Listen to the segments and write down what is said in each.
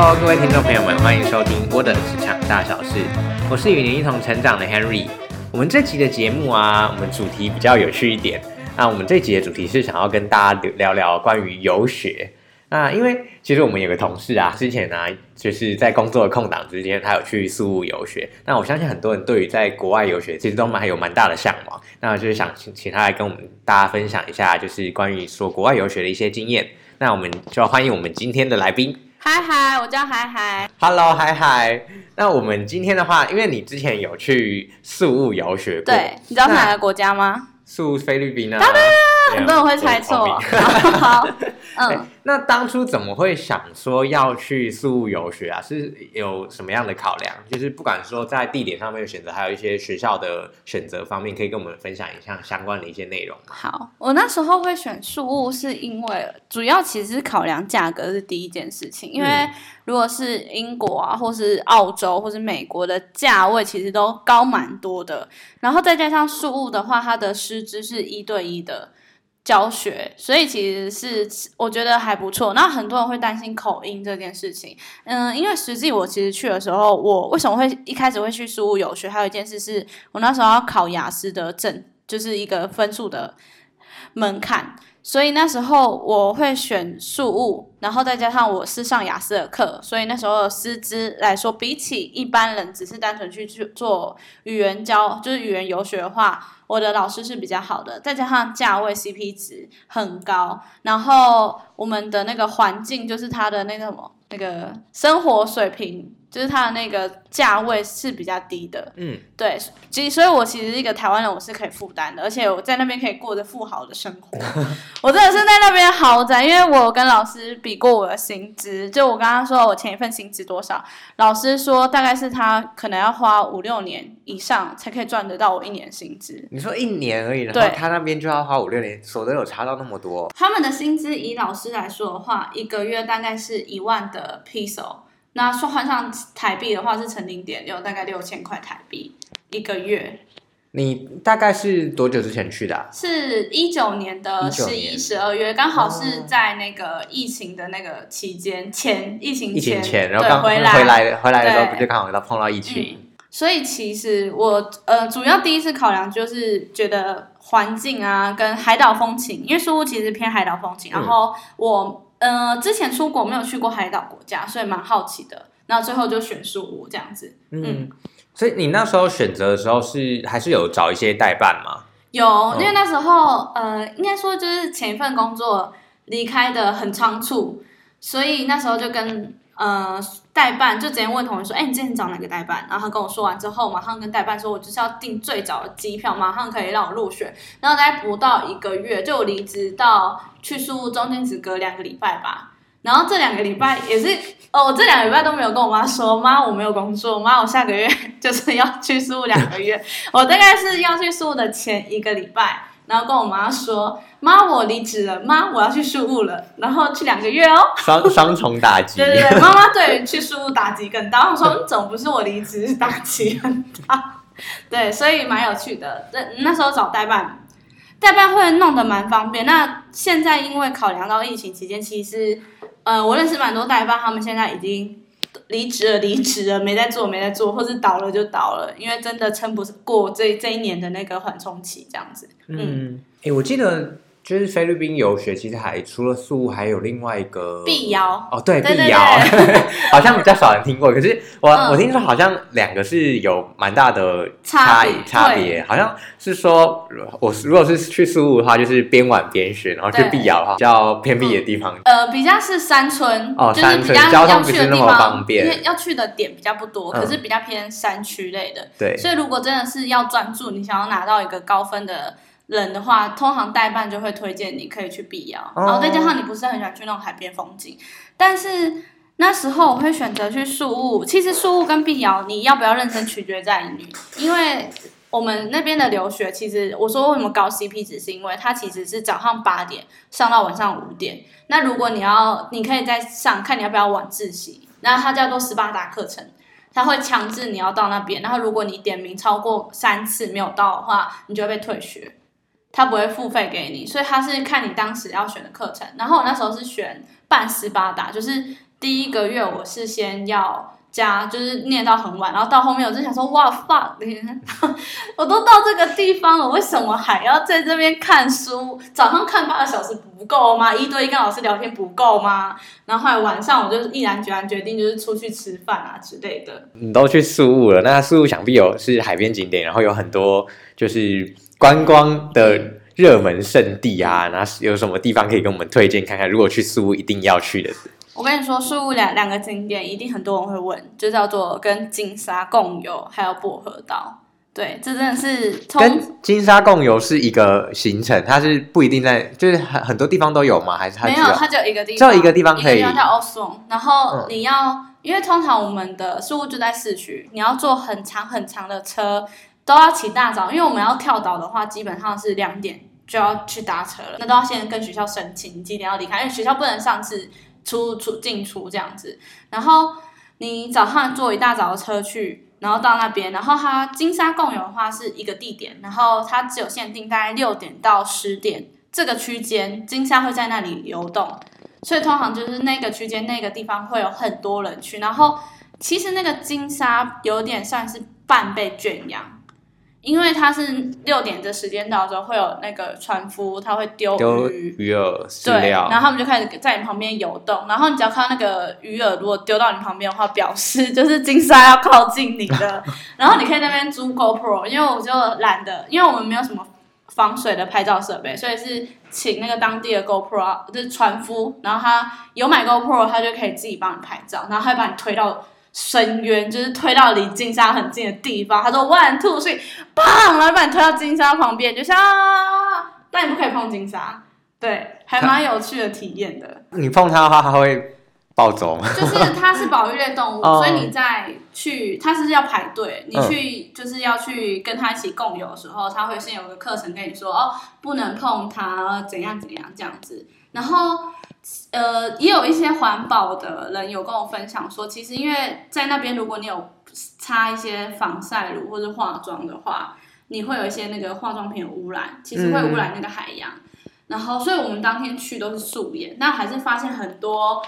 Hello，各位聽眾朋友們，歡迎收聽我的職場大小事。我是與您一同成長的 Henry。我們這集的節目啊，我們主題比較有趣一點。那我們這集的主題是想要跟大家聊聊關於遊學。那因為其實我們有個同事啊，之前呢、啊、就是在工作的空檔之間，他有去宿務遊學。那我相信很多人對於在國外遊學，其實都蠻還有蠻大的向往。那我就是想請他來跟我們大家分享一下，就是關於說國外遊學的一些經驗。那我們就歡迎我們今天的來賓。嗨嗨，hi hi, 我叫嗨嗨。Hello，嗨嗨。那我們今天的話，因為你之前有去宿霧遊學過，對，你知道是哪個國家嗎？宿霧菲律賓呢？啊，達達樣很多人會猜錯。好。好 嗯、欸，那當初怎麼會想說要去宿務遊學啊？是有什麼樣的考量？就是不管說在地點上面的選擇，還有一些學校的選擇方面，可以跟我們分享一下相關的一些內容嗎？好，我那時候會選宿務，是因為主要其實是考量價格是第一件事情，因為如果是英國啊，或是澳洲，或是美國的價位其實都高蠻多的。然後再加上宿務的話，它的師資是一對一的。教學，所以其實是我覺得還不錯。那很多人會擔心口音這件事情，嗯、呃，因為實際我其實去的時候，我為什麼會一開始會去宿霧遊學？還有一件事是我那時候要考雅思的證，就是一個分數的。門檻，所以那時候我會選宿霧，然後再加上我是上雅思的課，所以那時候的師資來說，比起一般人只是單純去去做語言教，就是語言遊學的話，我的老師是比較好的，再加上價位 CP 值很高，然後我們的那個環境就是他的那個什麼那個生活水平。就是它的那個價位是比較低的，嗯，對，其所以，所以我其實一個台灣人，我是可以負擔的，而且我在那邊可以過着富豪的生活。 我真的是在那邊豪宅，因為我跟老師比過我的薪資，就我剛剛說，我前一份薪資多少，老師說大概是他可能要花五六年以上才可以賺得到我一年薪資。你說一年而已，對，他那邊就要花五六年，所得有差到那麼多？他們的薪資以老師來說的話，一個月大概是一萬的披索，那算換上台幣的話是乘零點六，有大概六千塊台幣一個月。你大概是多久之前去的、啊？是一九年的十一十二月，剛好是在那個疫情的那個期間前，疫情前然對回來回來對回來的時候，不就剛好在碰到疫情、嗯。所以其實我呃主要第一次考量就是覺得環境啊跟海島風情，因為宿霧其實偏海島風情，然後我。嗯呃，之前出國沒有去過海島國家，所以蠻好奇的。那最後就選宿霧這樣子。嗯，嗯，所以你那時候選擇的時候是還是有找一些代辦嗎？有，因為那時候、哦、呃，應該說就是前一份工作離開得很倉促，所以那時候就跟呃。代辦就直接問同學說：“哎、欸，你之前找哪個代辦？”然後他跟我說完之後，馬上跟代辦說：“我就是要訂最早的機票，馬上可以讓我入學。”然後大概不到一個月，就我離職到去宿霧中間只隔兩個禮拜吧。然後這兩個禮拜也是哦，我這兩個禮拜都沒有跟我媽說，媽我沒有工作，媽我下個月就是要去宿霧兩個月。我大概是要去宿霧的前一個禮拜。然後跟我媽說：“媽，我離職了，媽，我要去稅務了，然後去兩個月哦。”雙，雙雙重打擊。 對對對，媽媽對於去稅務打擊更大。 我說怎麼不是我離職打擊很大？對，所以蠻有趣的。那那時候找代辦，代辦會弄得蠻方便。那現在因為考量到疫情期間，其實，呃，我認識蠻多代辦，他們現在已經。離職了，離職了，沒在做，沒在做，或是倒了就倒了，因為真的撐不過這這一年的那個緩衝期，這樣子、嗯。嗯，哎、欸，我記得。就是菲律賓遊學，其實還除了宿霧，還有另外一個碧瑤哦，對，碧瑤，好像比較少人聽過。可是我我聽說好像兩個是有蠻大的差差別，好像是說，我如果是去宿霧的話，就是邊玩邊學，然後去碧瑤的話，比較偏僻的地方，呃，比較是山村哦，就是比較交通不是那麼方便，因為要去的點比較不多，可是比較偏山區類的，對。所以如果真的是要專注，你想要拿到一個高分的。冷的話，通常代辦就會推薦你可以去碧瑤，然後再加上你不是很想去那種海邊風景。但是那時候我會選擇去宿霧。其實宿霧跟碧瑤，你要不要認真取決於你，因為我們那邊的留學，其實我說為什麼高 CP 只是因為它其實是早上八點上到晚上五點。那如果你要，你可以在上看你要不要晚自習。那它叫做斯巴達課程，他會強制你要到那邊。然後如果你點名超過三次沒有到的話，你就會被退學。他不會付費給你，所以他是看你當時要選的課程。然後我那時候是選半斯巴達，就是第一個月我是先要加，就是念到很晚。然後到後面我就想說，哇，fuck！我都到這個地方了，為什麼還要在這邊看書？早上看八個小時不夠嗎？一對一跟老師聊天不夠嗎？然後後來晚上我就毅然決然決定，就是出去吃飯啊之類的。你都去宿霧了，那宿霧想必有是海邊景點，然後有很多就是，觀光的熱門勝地啊，然後有什麼地方可以跟我們推薦看看？如果去宿霧，一定要去的。我跟你說，宿霧兩兩個景點一定很多人會問，就叫做跟鯨鯊共游，還有薄荷島。對，這真的是。跟鯨鯊共游是一個行程，它是不一定在，就是很很多地方都有嗎？還是它沒有？它就一個地方，只有一個地方可以。叫 Oslob，然後你要，嗯、因為通常我們的宿霧就在市區，你要坐很長很長的車。都要起大早，因為我們要跳島的話，基本上是兩點就要去搭車了。那都要先跟學校申請幾點要離開，因為學校不能擅自出出進出這樣子。然後你早上坐一大早的車去，然後到那邊，然後它鯨鯊共游的話是一個地點，然後它只有限定大概六點到十點這個區間，鯨鯊會在那裡游動，所以通常就是那個區間那個地方會有很多人去。然後其實那個鯨鯊有點算是半被圈養。因為它，是六點的時間到的時候，會有那個船夫，他會丟魚丟魚餌，對，然後他們就開始在你旁邊游動。然後你只要看到那個魚餌，如果丟到你旁邊的話，表示就是鯨鯊要靠近你的。 然後你可以在那邊租 GoPro，因為我就懶得，因為我們沒有什麼防水的拍照設備，所以是請那個當地的 GoPro、啊、就是船夫，然後他有買 GoPro，他就可以自己幫你拍照，然後他會把你推到。深淵就是推到離金沙很近的地方，他說 one two three，砰，然後把你推到金沙旁邊，就是那、啊、你不可以碰金沙，對，還蠻有趣的體驗的、啊。你碰它的話，它會暴走。 就是它是保育類動物，嗯、所以你再去，它是，是要排隊。你去、嗯、就是要去跟它一起共游的時候，它會先有個課程跟你說，哦，不能碰它，怎樣怎樣這樣子。然後，呃，也有一些環保的人有跟我分享說，其實因為在那邊，如果你有擦一些防曬乳或是化妝的話，你會有一些那個化妝品有污染，其實會污染那個海洋。嗯、然後，所以我們當天去都是素顏，但還是發現很多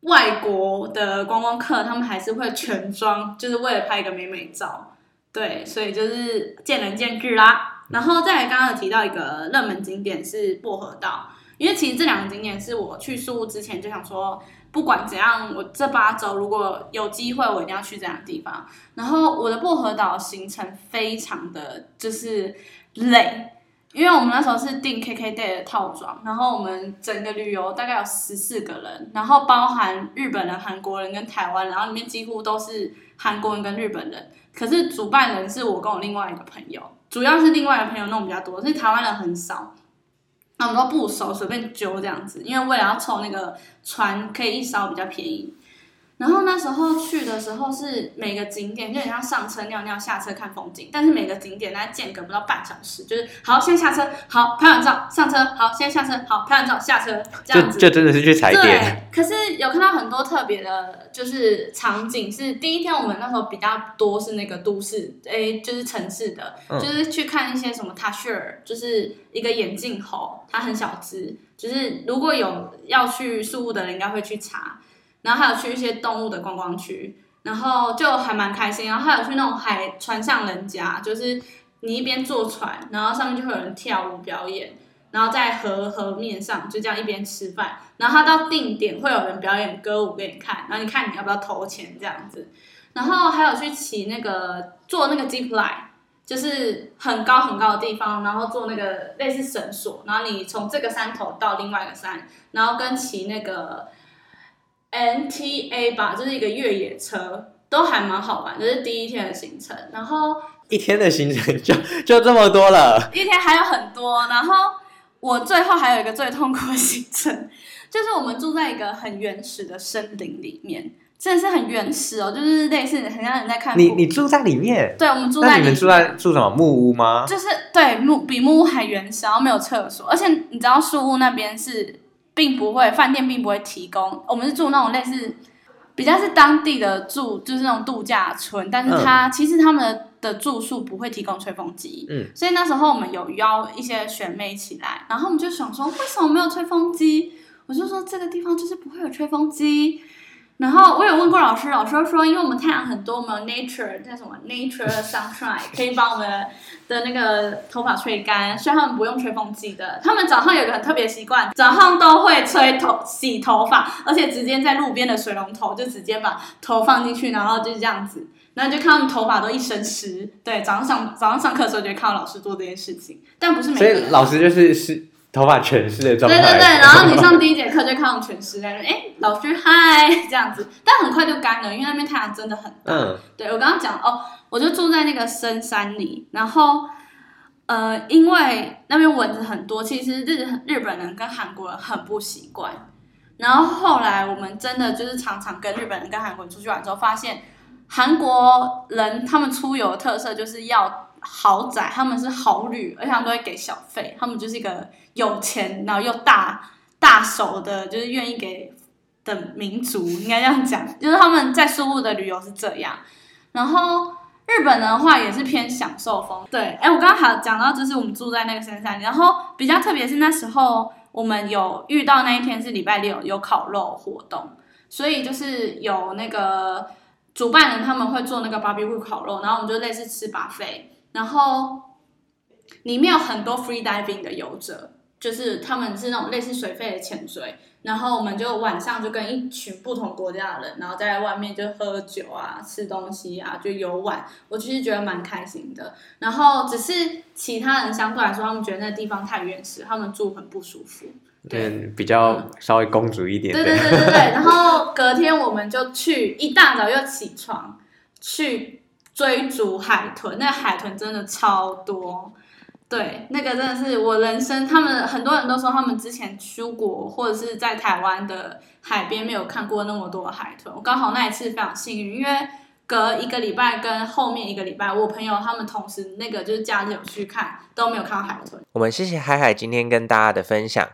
外國的觀光客，他們還是會全妝，就是為了拍一個美美照。對，所以就是見仁見智啦。然後再來剛剛有提到一個熱門景點是薄荷島。因為其實這兩個景點是我去宿霧之前就想說，不管怎樣，我這八周如果有機會，我一定要去這樣的地方。然後我的薄荷島行程非常的就是累，因為我們那時候是訂 KKday 的套裝，然後我們整個旅遊大概有十四個人，然後包含日本人、韓國人跟台灣，然後裡面幾乎都是韓國人跟日本人，可是主辦人是我跟我另外一個朋友，主要是另外一個朋友弄比較多，所以台灣人很少。那、啊、我們都不熟，隨便揪這樣子，因為為了要湊那個船，可以一燒比較便宜。然後那時候去的時候是每個景點就有點像上車尿尿，下車看風景。但是每個景點，它間隔不到半小時，就是好先下車，好拍完照上車，好先下車，好拍完照下車，這樣子就，就真的是去踩點對。可是有看到很多特別的，就是場景是第一天我們那時候比較多是那個都市，哎，就是城市的，就是去看一些什麼塔雀，就是一個眼鏡猴，它很小只，就是如果有要去宿霧的人應該會去查。然後還有去一些動物的觀光區，然後就還蠻開心。然後還有去那種海船上人家，就是你一邊坐船，然後上面就會有人跳舞表演，然後在河河面上就這樣一邊吃飯。然後他到定點會有人表演歌舞給你看，然後你看你要不要投錢這樣子。然後還有去騎那個坐那個 zip line，就是很高很高的地方，然後坐那個類似繩索，然後你從這個山頭到另外一個山，然後跟騎那個。N T A 吧，就是一個越野車，都還蠻好玩。這，就是第一天的行程，然後一天的行程就就這麼多了。一天還有很多，然後我最後還有一個最痛苦的行程，就是我們住在一個很原始的森林裡面，真的是很原始哦，就是類似很讓人在看你，你住在裡面，對，我們住在，裡面，住在住什麼木屋嗎？就是對木比木屋還原始，然後沒有廁所，而且你知道樹屋那邊是。並不會，飯店並不會提供。我們是住那種類似，比較是當地的住，就是那種度假村。但是他其實他們的，的住宿不會提供吹風機。嗯，所以那時候我們有邀一些學妹起來，然後我們就想說，為什麼沒有吹風機？我就說這個地方就是不會有吹風機。然後我有問過老師，老師說，因為我們太陽很多，我們 nature 叫什麼 nature sunshine 可以把我們的那個頭髮吹乾，所以他們不用吹風機的。他們早上有一個很特別的習慣，早上都會吹頭洗頭髮，而且直接在路邊的水龍頭就直接把頭放進去，然後就是這樣子。然後就看他們頭髮都一身濕。對，早上上早上上課的時候就會看到老師做這件事情，但不是每個。所以老師就是是。頭髮全是那種，對對對，然後你上第一節課，就看到全是那種，哎， 老師嗨這樣子，但很快就乾了，因為那邊太陽真的很大。嗯，對我剛剛講哦，我就住在那個深山裡，然後呃，因為那邊蚊子很多，其實日日本人跟韓國人很不習慣，然後後來我們真的就是常常跟日本人跟韓國人出去玩之後，發現韓國人他們出遊的特色就是要。豪宅，他們是豪旅，而且他們都會給小費。他們就是一個有錢，然後又大大手的，就是願意給的民族，應該這樣講。就是他們在舒服的旅遊是這樣。然後日本的話也是偏享受風，對。哎、欸，我剛好講到，就是我們住在那個山上，然後比較特別是那時候我們有遇到那一天是禮拜六有烤肉活動，所以就是有那個主辦人他們會做那個 barbecue 烤肉，然後我們就類似吃 buffet。然後裡面有很多 free diving 的游者，就是他們是那種類似水肺的潛水。然後我們就晚上就跟一群不同國家的人，然後在外面就喝酒啊、吃東西啊、就遊玩。我其實覺得蠻開心的。然後只是其他人相對來說，他們覺得那地方太原始，他們住很不舒服。對，嗯、比較稍微公主一點。對對對對對。然後隔天我們就去，一大早又起床去。追逐海豚，那個、海豚真的超多，對，那個真的是我人生。他們很多人都說，他們之前出國或者是在台灣的海邊沒有看過那麼多海豚。我剛好那一次非常幸運，因為隔一個禮拜跟後面一個禮拜，我朋友他們同時那個就是假日有去看，都沒有看到海豚。我們謝謝海海今天跟大家的分享。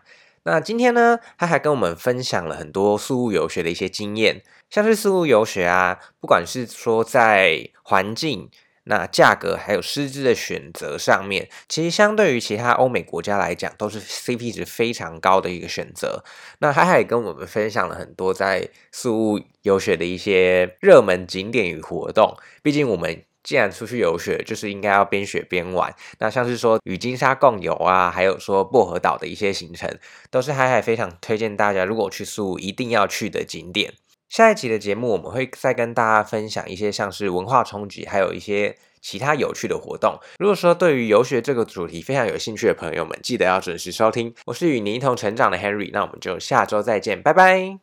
那今天呢，他還跟我們分享了很多宿霧遊學的一些經驗。像是宿霧遊學啊，不管是說在環境、那價格還有師資的選擇上面，其實相對於其他歐美國家來講，都是 CP 值非常高的一個選擇。那他還跟我們分享了很多在宿霧遊學的一些熱門景點與活動。畢竟我們。既然出去遊學，就是應該要邊學邊玩。那像是說與鯨鯊共遊啊，還有說薄荷島的一些行程，都是海海非常推薦大家如果去宿霧一定要去的景點。下一集的節目我們會再跟大家分享一些像是文化衝擊，還有一些其他有趣的活動。如果說對於遊學這個主題非常有興趣的朋友們，記得要準時收聽。我是與你一同成長的 Henry，那我們就下週再見，拜拜。